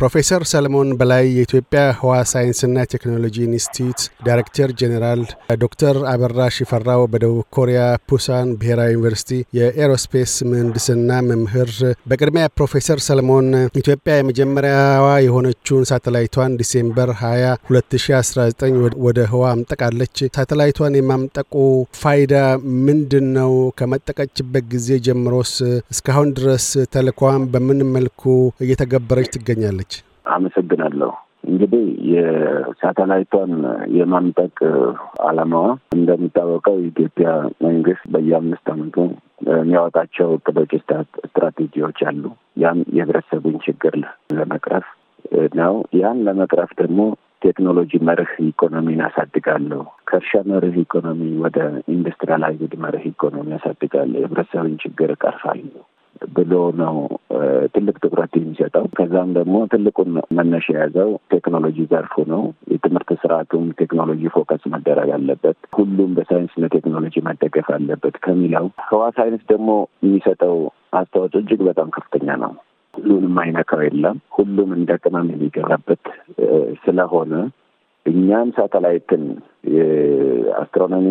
ፕሮፌሰር ሰለሞን በላይ የኢትዮጵያ ህዋ ሳይንስና ቴክኖሎጂ ኢንስቲትዩት ዳይሬክተር ጄኔራል፣ ዶክተር አበራ ሽፈራው በደቡብ ኮሪያ ፑሳን ብሔራዊ ዩኒቨርሲቲ የኤሮስፔስ ምህንድስና መምህር። በቅድሚያ ፕሮፌሰር ሰለሞን ኢትዮጵያ የመጀመሪያዋ የሆነችውን ሳተላይቷን ዲሴምበር 20 2019 ወደ ህዋ አምጠቃለች። ሳተላይቷን የማምጠቁ ፋይዳ ምንድን ነው? ከመጠቀችበት ጊዜ ጀምሮስ እስካሁን ድረስ ተልኳን በምን መልኩ እየተገበረች ትገኛለች? አመሰግናለሁ። እንግዲህ የሳተላይቷን የማምጠቅ አላማዋ እንደሚታወቀው የኢትዮጵያ መንግስት በየአምስት አመቱ የሚያወጣቸው እቅዶች፣ ስትራቴጂዎች አሉ። ያን የህብረተሰቡን ችግር ለመቅረፍ ነው። ያን ለመቅረፍ ደግሞ ቴክኖሎጂ መርህ ኢኮኖሚን አሳድጋለሁ፣ ከእርሻ መርህ ኢኮኖሚ ወደ ኢንዱስትሪያላይዝድ መርህ ኢኮኖሚ አሳድጋለሁ፣ የህብረተሰብን ችግር እቀርፋለሁ ብሎ ነው ትልቅ ትኩረት የሚሰጠው ከዛም ደግሞ ትልቁን መነሻ የያዘው ቴክኖሎጂ ዘርፉ ነው። የትምህርት ስርዓቱም ቴክኖሎጂ ፎከስ መደረግ አለበት፣ ሁሉም በሳይንስና ቴክኖሎጂ መደገፍ አለበት ከሚለው ህዋ ሳይንስ ደግሞ የሚሰጠው አስተዋጽኦ እጅግ በጣም ከፍተኛ ነው። ሁሉንም አይነካው የለም። ሁሉም እንደ ቅመም የሚገባበት ስለሆነ እኛም ሳተላይትን የአስትሮኖሚ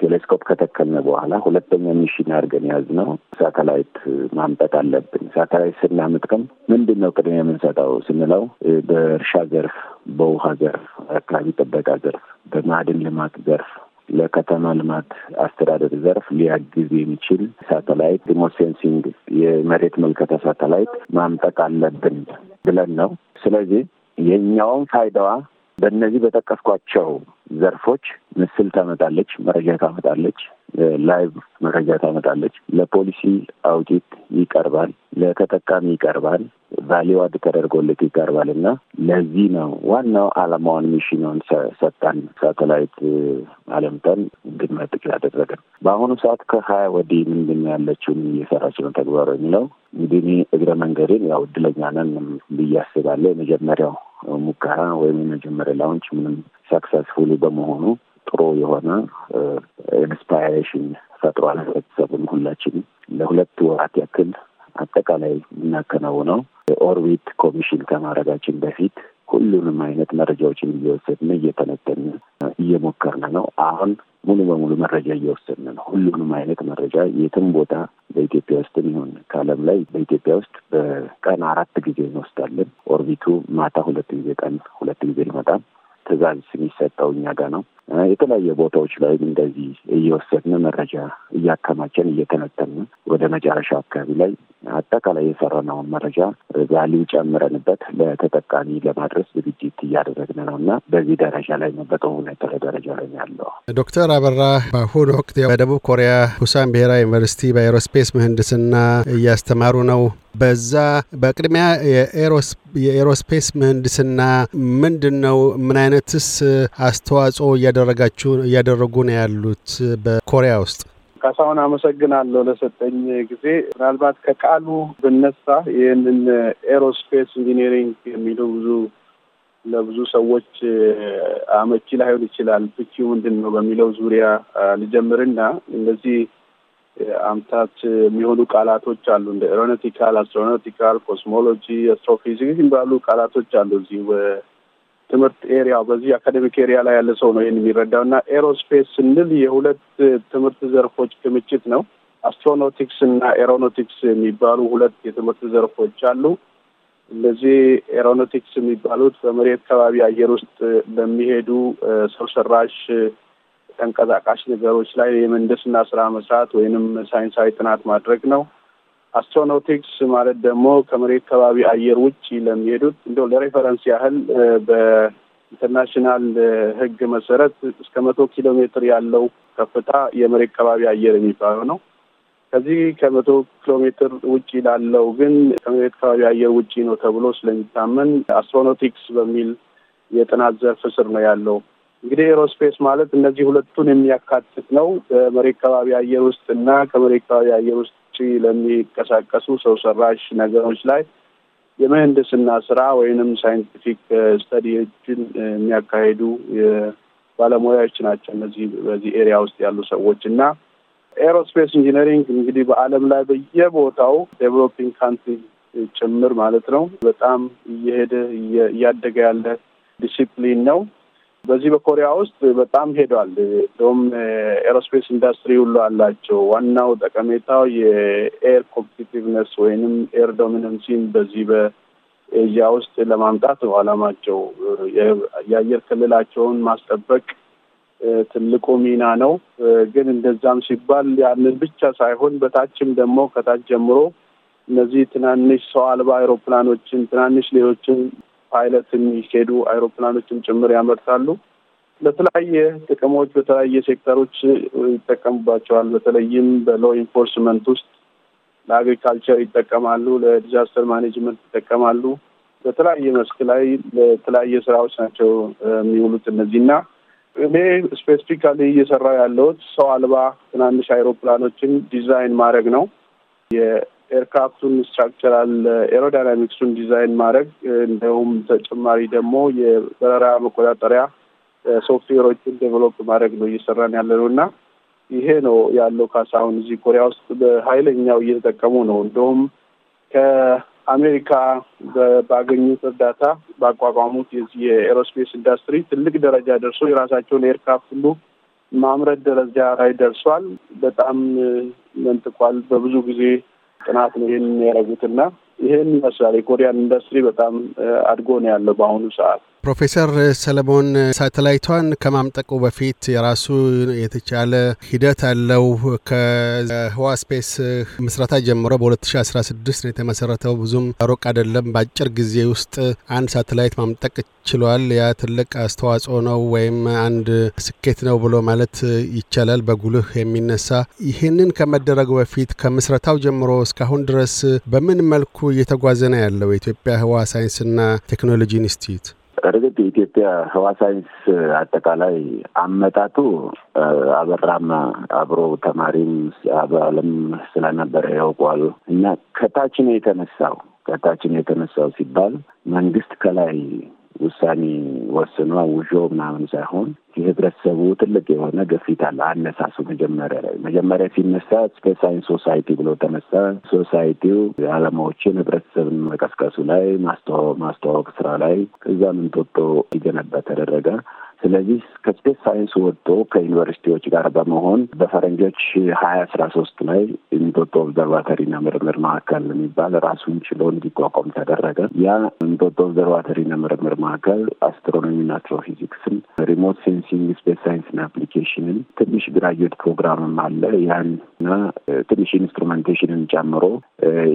ቴሌስኮፕ ከተከልነ በኋላ ሁለተኛ ሚሽን አድርገን የያዝነው ሳተላይት ማምጠት አለብን። ሳተላይት ስናምጥቅም ምንድን ነው ቅድሚያ የምንሰጠው ስንለው በእርሻ ዘርፍ፣ በውሃ ዘርፍ፣ አካባቢ ጥበቃ ዘርፍ፣ በማዕድን ልማት ዘርፍ ለከተማ ልማት አስተዳደር ዘርፍ ሊያግዝ የሚችል ሳተላይት ሪሞት ሴንሲንግ የመሬት መልከታ ሳተላይት ማምጠቅ አለብን ብለን ነው። ስለዚህ የእኛውም ፋይዳዋ በእነዚህ በጠቀስኳቸው ዘርፎች ምስል ታመጣለች፣ መረጃ ታመጣለች፣ ላይቭ መረጃ ታመጣለች፣ ለፖሊሲ አውዲት ይቀርባል፣ ለተጠቃሚ ይቀርባል፣ ቫሊው አድ ተደርጎለት ይቀርባል እና ለዚህ ነው ዋናው አላማዋን ሚሽኑን ሰጣን ሳተላይት አለምተን እንድንመጥቅ ያደረገን። በአሁኑ ሰዓት ከሀያ ወዲህ ምንድን ያለችውን እየሰራች ነው ተግባሩ የሚለው እንግዲህ እግረ መንገድን ያው እድለኛ ነን ብዬ አስባለሁ የመጀመሪያው ሙከራ ወይም የመጀመሪያ ላውንች ምንም ሰክሰስፉሊ በመሆኑ ጥሩ የሆነ ኢንስፓይሬሽን ፈጥሯል። ህብረተሰቡን ሁላችን ለሁለት ወራት ያክል አጠቃላይ የምናከናውነው የኦርቢት ኮሚሽን ከማድረጋችን በፊት ሁሉንም አይነት መረጃዎችን እየወሰድን እየተነተን እየሞከርን ነው። አሁን ሙሉ በሙሉ መረጃ እየወሰድን ነው። ሁሉንም አይነት መረጃ የትም ቦታ በኢትዮጵያ ውስጥም ይሁን ከዓለም ላይ በኢትዮጵያ ውስጥ በቀን አራት ጊዜ እንወስዳለን። ኦርቢቱ ማታ ሁለት ጊዜ፣ ቀን ሁለት ጊዜ ይመጣል። ትእዛዝ የሚሰጠው እኛ ጋር ነው። የተለያየ ቦታዎች ላይ እንደዚህ እየወሰድን መረጃ እያከማቸን እየተነተንን ወደ መጨረሻ አካባቢ ላይ አጠቃላይ የሰራነውን መረጃ ቫሊው ጨምረንበት ለተጠቃሚ ለማድረስ ዝግጅት እያደረግን ነው እና በዚህ ደረጃ ላይ ነው በጥሩ ሁኔታ ላይ ደረጃ ላይ ያለው። ዶክተር አበራ በአሁኑ ወቅት በደቡብ ኮሪያ ቡሳን ብሔራዊ ዩኒቨርሲቲ በኤሮስፔስ ምህንድስና እያስተማሩ ነው። በዛ በቅድሚያ የኤሮስፔስ ምህንድስና ምንድን ነው? ምን አይነትስ አስተዋጽኦ እያደረጋችሁ እያደረጉ ነው ያሉት በኮሪያ ውስጥ? ካሳሁን አመሰግናለሁ ለሰጠኝ ጊዜ። ምናልባት ከቃሉ ብነሳ ይህንን ኤሮስፔስ ኢንጂኒሪንግ የሚለው ብዙ ለብዙ ሰዎች አመቺ ላይሆን ይችላል። ፍቺው ምንድን ነው በሚለው ዙሪያ ልጀምርና እነዚህ አምታት የሚሆኑ ቃላቶች አሉ። እንደ ኤሮኖቲካል፣ አስትሮኖቲካል፣ ኮስሞሎጂ፣ አስትሮፊዚክስ የሚባሉ ቃላቶች አሉ። እዚህ ትምህርት ኤሪያው በዚህ አካደሚክ ኤሪያ ላይ ያለ ሰው ነው ይህን የሚረዳው እና ኤሮስፔስ ስንል የሁለት ትምህርት ዘርፎች ክምችት ነው። አስትሮኖቲክስ እና ኤሮኖቲክስ የሚባሉ ሁለት የትምህርት ዘርፎች አሉ። እነዚህ ኤሮኖቲክስ የሚባሉት በመሬት ከባቢ አየር ውስጥ ለሚሄዱ ሰው ሰራሽ ተንቀሳቃሽ ነገሮች ላይ የምህንድስና ስራ መስራት ወይንም ሳይንሳዊ ጥናት ማድረግ ነው። አስትሮኖቲክስ ማለት ደግሞ ከመሬት ከባቢ አየር ውጭ ለሚሄዱት እንደ ለሬፈረንስ ያህል በኢንተርናሽናል ህግ መሰረት እስከ መቶ ኪሎ ሜትር ያለው ከፍታ የመሬት ከባቢ አየር የሚባለው ነው። ከዚህ ከመቶ ኪሎ ሜትር ውጭ ላለው ግን ከመሬት ከባቢ አየር ውጭ ነው ተብሎ ስለሚታመን አስትሮኖቲክስ በሚል የጥናት ዘርፍ ስር ነው ያለው። እንግዲህ ኤሮስፔስ ማለት እነዚህ ሁለቱን የሚያካትት ነው። በመሬት ከባቢ አየር ውስጥ እና ከመሬት ከባቢ አየር ውስጥ ውጭ ለሚንቀሳቀሱ ሰው ሰራሽ ነገሮች ላይ የምህንድስና ስራ ወይንም ሳይንቲፊክ ስተዲዎችን የሚያካሂዱ ባለሙያዎች ናቸው። እነዚህ በዚህ ኤሪያ ውስጥ ያሉ ሰዎች እና ኤሮስፔስ ኢንጂነሪንግ እንግዲህ በዓለም ላይ በየቦታው ዴቨሎፒንግ ካንትሪ ጭምር ማለት ነው በጣም እየሄደ እያደገ ያለ ዲሲፕሊን ነው። በዚህ በኮሪያ ውስጥ በጣም ሄዷል። እንደውም ኤሮስፔስ ኢንዱስትሪ ሁሉ አላቸው። ዋናው ጠቀሜታው የኤር ኮምፒቲቲቭነስ ወይንም ኤር ዶሚነንሲን በዚህ በኤዥያ ውስጥ ለማምጣት ነው አላማቸው። የአየር ክልላቸውን ማስጠበቅ ትልቁ ሚና ነው። ግን እንደዛም ሲባል ያንን ብቻ ሳይሆን በታችም ደግሞ ከታች ጀምሮ እነዚህ ትናንሽ ሰው አልባ አይሮፕላኖችን ትናንሽ ሌሎችን ፓይለት የሚሄዱ አይሮፕላኖችን ጭምር ያመርታሉ። ለተለያየ ጥቅሞች በተለያየ ሴክተሮች ይጠቀሙባቸዋል። በተለይም በሎ ኢንፎርስመንት ውስጥ ለአግሪካልቸር ይጠቀማሉ፣ ለዲዛስተር ማኔጅመንት ይጠቀማሉ። በተለያየ መስክ ላይ ለተለያየ ስራዎች ናቸው የሚውሉት እነዚህ እና እኔ ስፔሲፊካሊ እየሰራ ያለሁት ሰው አልባ ትናንሽ አይሮፕላኖችን ዲዛይን ማድረግ ነው። ኤርክራፍቱን ስትራክቸራል ኤሮዳይናሚክሱን ዲዛይን ማድረግ እንዲሁም ተጨማሪ ደግሞ የበረራ መቆጣጠሪያ ሶፍትዌሮችን ዴቨሎፕ ማድረግ ነው እየሰራን ያለ ነው እና ይሄ ነው ያለው። ካሳሁን እዚህ ኮሪያ ውስጥ በኃይለኛው እየተጠቀሙ ነው። እንደውም ከአሜሪካ ባገኙት እርዳታ ባቋቋሙት የኤሮስፔስ ኢንዱስትሪ ትልቅ ደረጃ ደርሶ የራሳቸውን ኤርክራፍት ሁሉ ማምረት ደረጃ ላይ ደርሷል። በጣም መንጥቋል። በብዙ ጊዜ ጥናት ነው ይህን ያደረጉትና ይህን ይመስላል የኮሪያን ኢንዱስትሪ በጣም አድጎ ነው ያለው በአሁኑ ሰዓት። ፕሮፌሰር ሰለሞን ሳተላይቷን ከማምጠቁ በፊት የራሱ የተቻለ ሂደት አለው። ከህዋ ስፔስ ምስረታ ጀምሮ በ2016 ነው የተመሰረተው። ብዙም ሩቅ አይደለም። በአጭር ጊዜ ውስጥ አንድ ሳተላይት ማምጠቅ ችሏል። ያ ትልቅ አስተዋጽኦ ነው ወይም አንድ ስኬት ነው ብሎ ማለት ይቻላል፣ በጉልህ የሚነሳ ይህንን ከመደረጉ በፊት ከምስረታው ጀምሮ እስካሁን ድረስ በምን መልኩ እየተጓዘ ነው ያለው የኢትዮጵያ ህዋ ሳይንስና ቴክኖሎጂ ኢንስቲትዩት? እርግጥ የኢትዮጵያ ህዋ ሳይንስ አጠቃላይ አመጣቱ አበራም አብሮ ተማሪም አባልም ስለነበረ ያውቋሉ እና ከታች ነው የተነሳው። ከታች ነው የተነሳው ሲባል መንግስት ከላይ ውሳኔ ወስኖ ውዦ ምናምን ሳይሆን የህብረተሰቡ ትልቅ የሆነ ግፊት አለ። አነሳሱ መጀመሪያ ላይ መጀመሪያ ሲነሳ እስከ ሳይንስ ሶሳይቲ ብሎ ተነሳ። ሶሳይቲው አላማዎችን ህብረተሰብን መቀስቀሱ ላይ ማስተዋወቅ ስራ ላይ ከዛ ምንጦጦ እንዲገነባ ተደረገ። ስለዚህ ከስፔስ ሳይንስ ወጥቶ ከዩኒቨርሲቲዎች ጋር በመሆን በፈረንጆች ሀያ አስራ ሶስት ላይ እንጦጦ ኦብዘርቫተሪና ምርምር ማዕከል የሚባል ራሱን ችሎ እንዲቋቋም ተደረገ። ያ እንጦጦ ኦብዘርቫተሪና ምርምር ማዕከል አስትሮኖሚና አስትሮፊዚክስን፣ ሪሞት ሴንሲንግ፣ ስፔስ ሳይንስና አፕሊኬሽንን ትንሽ ግራጁዌት ፕሮግራምም አለ። ያን ትንሽ ኢንስትሩመንቴሽንን ጨምሮ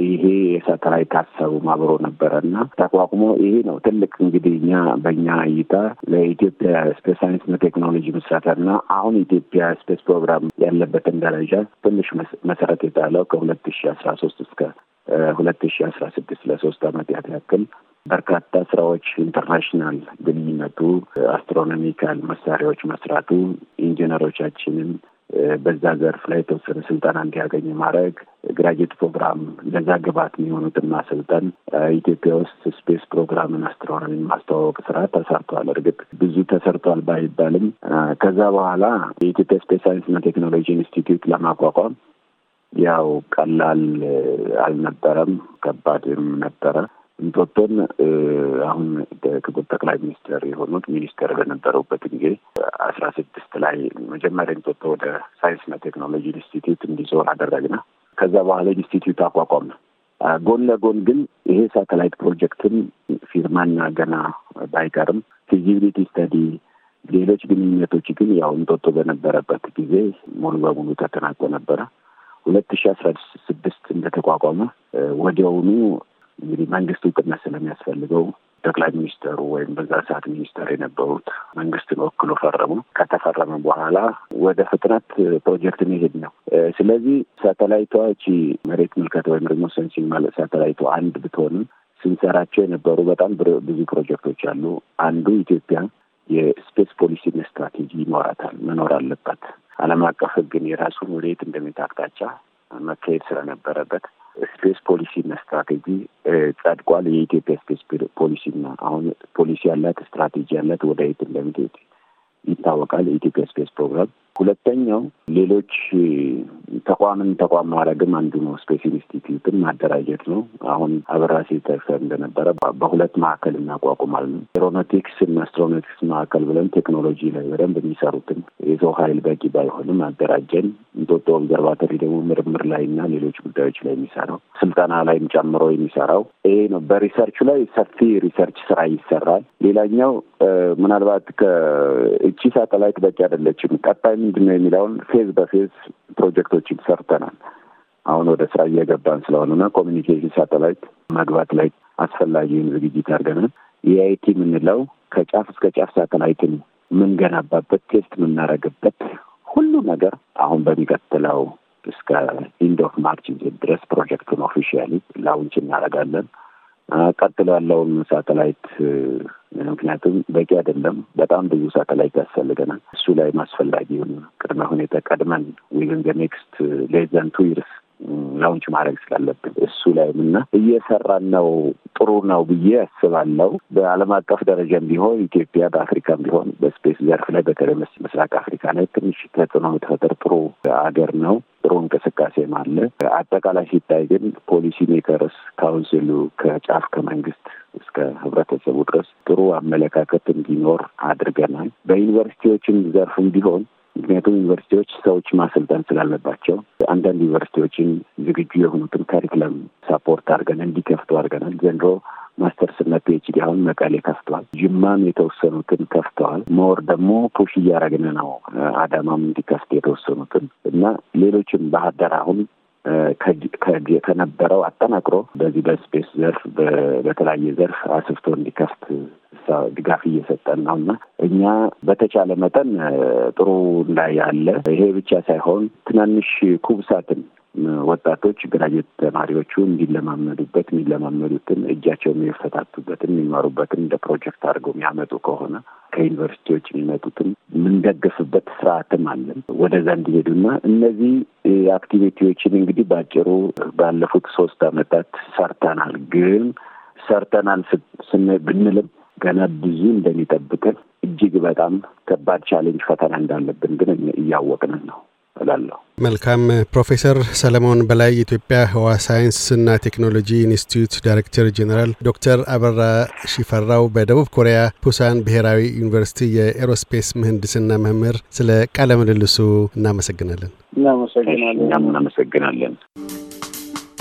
ይሄ የሳተላይት ታሰቡ አብሮ ነበረ እና ተቋቁሞ ይሄ ነው ትልቅ እንግዲህ እኛ በእኛ እይታ ለኢትዮጵያ ስፔስ ሳይንስና ቴክኖሎጂ ና አሁን ኢትዮጵያ ስፔስ ፕሮግራም ያለበትን ደረጃ ትንሽ መሰረት የጣለው ከሁለት ሺ አስራ ሶስት እስከ ሁለት ሺ አስራ ስድስት ለሶስት አመት ያክል በርካታ ስራዎች ኢንተርናሽናል ግንኙነቱ፣ አስትሮኖሚካል መሳሪያዎች መስራቱ ኢንጂነሮቻችንን በዛ ዘርፍ ላይ የተወሰነ ስልጠና እንዲያገኝ ማድረግ ግራጅዌት ፕሮግራም ለዛ ግባት የሚሆኑትን ማሰልጠን። ኢትዮጵያ ውስጥ ስፔስ ፕሮግራምን አስትሮኖሚን ማስተዋወቅ ስራ ተሰርተዋል። እርግጥ ብዙ ተሰርተዋል ባይባልም ከዛ በኋላ የኢትዮጵያ ስፔስ ሳይንስ እና ቴክኖሎጂ ኢንስቲትዩት ለማቋቋም ያው ቀላል አልነበረም፣ ከባድም ነበረ። እንጦጦን አሁን ክቡር ጠቅላይ ሚኒስትር የሆኑት ሚኒስትር በነበረውበት ጊዜ አስራ ስድስት ላይ መጀመሪያ እንጦጦ ወደ ሳይንስና ቴክኖሎጂ ኢንስቲትዩት እንዲዞር አደረግና ከዛ በኋላ ኢንስቲትዩት አቋቋም ነው። ጎን ለጎን ግን ይሄ ሳተላይት ፕሮጀክትም ፊርማና ገና ባይቀርም ፊዚቢሊቲ ስተዲ ሌሎች ግንኙነቶች ግን ያው እንጦጦ በነበረበት ጊዜ ሙሉ በሙሉ ተጠናቆ ነበረ። ሁለት ሺ አስራ ስድስት እንደተቋቋመ ወዲያውኑ እንግዲህ መንግስት እውቅና ስለሚያስፈልገው ጠቅላይ ሚኒስተሩ ወይም በዛ ሰዓት ሚኒስተር የነበሩት መንግስትን ወክሎ ፈረሙ። ከተፈረመ በኋላ ወደ ፍጥነት ፕሮጀክት መሄድ ነው። ስለዚህ ሳተላይቷ እቺ መሬት ምልከት ወይም ደግሞ ሴንሲንግ ማለት ሳተላይቷ አንድ ብትሆንም ስንሰራቸው የነበሩ በጣም ብዙ ፕሮጀክቶች አሉ። አንዱ ኢትዮጵያ የስፔስ ፖሊሲና ስትራቴጂ ይኖራታል መኖር አለበት። ዓለም አቀፍ ህግን የራሱን ወደየት እንደሚት መካሄድ ስለነበረበት ስፔስ ፖሊሲና ስትራቴጂ ጸድቋል። የኢትዮጵያ ስፔስ ፖሊሲና አሁን ፖሊሲ ያላት ስትራቴጂ ያላት ወደ የት እንደምትሄድ ይታወቃል። የኢትዮጵያ ስፔስ ፕሮግራም ሁለተኛው ሌሎች ተቋምን ተቋም ማድረግም አንዱ ነው። ስፔስ ኢንስቲትዩትን ማደራጀት ነው። አሁን አበራሴ ተክሰር እንደነበረ በሁለት ማዕከል እናቋቁማል ነው ኤሮኖቲክስ እና አስትሮኖቲክስ ማዕከል ብለን ቴክኖሎጂ ላይ በደንብ የሚሰሩትን የሰው ኃይል በቂ ባይሆንም አደራጀን። እንጦጦ ኦብዘርቫቶሪ ደግሞ ምርምር ላይ እና ሌሎች ጉዳዮች ላይ የሚሰራው ስልጠና ላይም ጨምሮ የሚሰራው ይሄ ነው። በሪሰርቹ ላይ ሰፊ ሪሰርች ስራ ይሰራል። ሌላኛው ምናልባት ከእቺ ሳተላይት በቂ አይደለችም ቀጣይ ምንድን ነው የሚለውን ፌዝ በፌዝ ፕሮጀክቶችን ሰርተናል። አሁን ወደ ስራ እየገባን ስለሆነና ኮሚኒኬሽን ሳተላይት መግባት ላይ አስፈላጊውን ዝግጅት አድርገናል። የአይቲ የምንለው ከጫፍ እስከ ጫፍ ሳተላይትን የምንገነባበት ቴስት የምናደርግበት ሁሉ ነገር አሁን በሚቀጥለው እስከ ኢንድ ኦፍ ማርች ድረስ ፕሮጀክቱን ኦፊሻሊ ላውንች እናደርጋለን። ቀጥሎ ያለውን ሳተላይት ምክንያቱም በቂ አይደለም። በጣም ብዙ ሳተላይት ያስፈልገናል። እሱ ላይ ማስፈላጊውን ቅድመ ሁኔታ ቀድመን ዊዝን ዘ ኔክስት ሌስ ዘን ቱ ይርስ ላውንች ማድረግ ስላለብን እሱ ላይም እና እየሰራን ነው። ጥሩ ነው ብዬ አስባለሁ። በዓለም አቀፍ ደረጃም ቢሆን ኢትዮጵያ በአፍሪካም ቢሆን በስፔስ ዘርፍ ላይ በተለይ ምስራቅ አፍሪካ ላይ ትንሽ ተጽዕኖ የምትፈጥር ጥሩ አገር ነው። ጥሩ እንቅስቃሴም አለ። አጠቃላይ ሲታይ ግን ፖሊሲ ሜከርስ ካውንስሉ ከጫፍ ከመንግስት እስከ ህብረተሰቡ ድረስ ጥሩ አመለካከት እንዲኖር አድርገናል። በዩኒቨርሲቲዎችም ዘርፍም ቢሆን ምክንያቱም ዩኒቨርሲቲዎች ሰዎች ማሰልጠን ስላለባቸው አንዳንድ ዩኒቨርሲቲዎችን ዝግጁ የሆኑትን ካሪክለም ሳፖርት አድርገን እንዲከፍቱ አድርገናል። ዘንድሮ ማስተርስ እና ፒኤችዲ አሁን መቀሌ ከፍተዋል። ጅማም የተወሰኑትን ከፍተዋል። መወር ደግሞ ፑሽ እያደረግን ነው። አዳማም እንዲከፍት የተወሰኑትን እና ሌሎችም ባህር ዳር አሁን ከነበረው አጠናክሮ በዚህ በስፔስ ዘርፍ በተለያየ ዘርፍ አስፍቶ እንዲከፍት ድጋፍ እየሰጠን ነው እና እኛ በተቻለ መጠን ጥሩ ላይ ያለ ይሄ ብቻ ሳይሆን ትናንሽ ኩብሳትን ወጣቶች ግራጅዌት ተማሪዎቹ እንዲለማመዱበት የሚለማመዱትን እጃቸው የሚፈታቱበትን የሚማሩበትን እንደ ፕሮጀክት አድርገው የሚያመጡ ከሆነ ከዩኒቨርሲቲዎች የሚመጡትን የምንደግፍበት ስርዓትም አለን ወደዛ እንዲሄዱና እነዚህ አክቲቪቲዎችን እንግዲህ በአጭሩ ባለፉት ሶስት አመታት ሰርተናል። ግን ሰርተናል ብንልም ገና ብዙ እንደሚጠብቅን እጅግ በጣም ከባድ ቻሌንጅ ፈተና እንዳለብን ግን እያወቅንን ነው እላለሁ። መልካም። ፕሮፌሰር ሰለሞን በላይ የኢትዮጵያ ህዋ ሳይንስና ቴክኖሎጂ ኢንስቲትዩት ዳይሬክተር ጄኔራል፣ ዶክተር አበራ ሺፈራው በደቡብ ኮሪያ ፑሳን ብሔራዊ ዩኒቨርሲቲ የኤሮስፔስ ምህንድስና መምህር፣ ስለ ቃለ ምልልሱ እናመሰግናለን። እናመሰግናለን። እናመሰግናለን።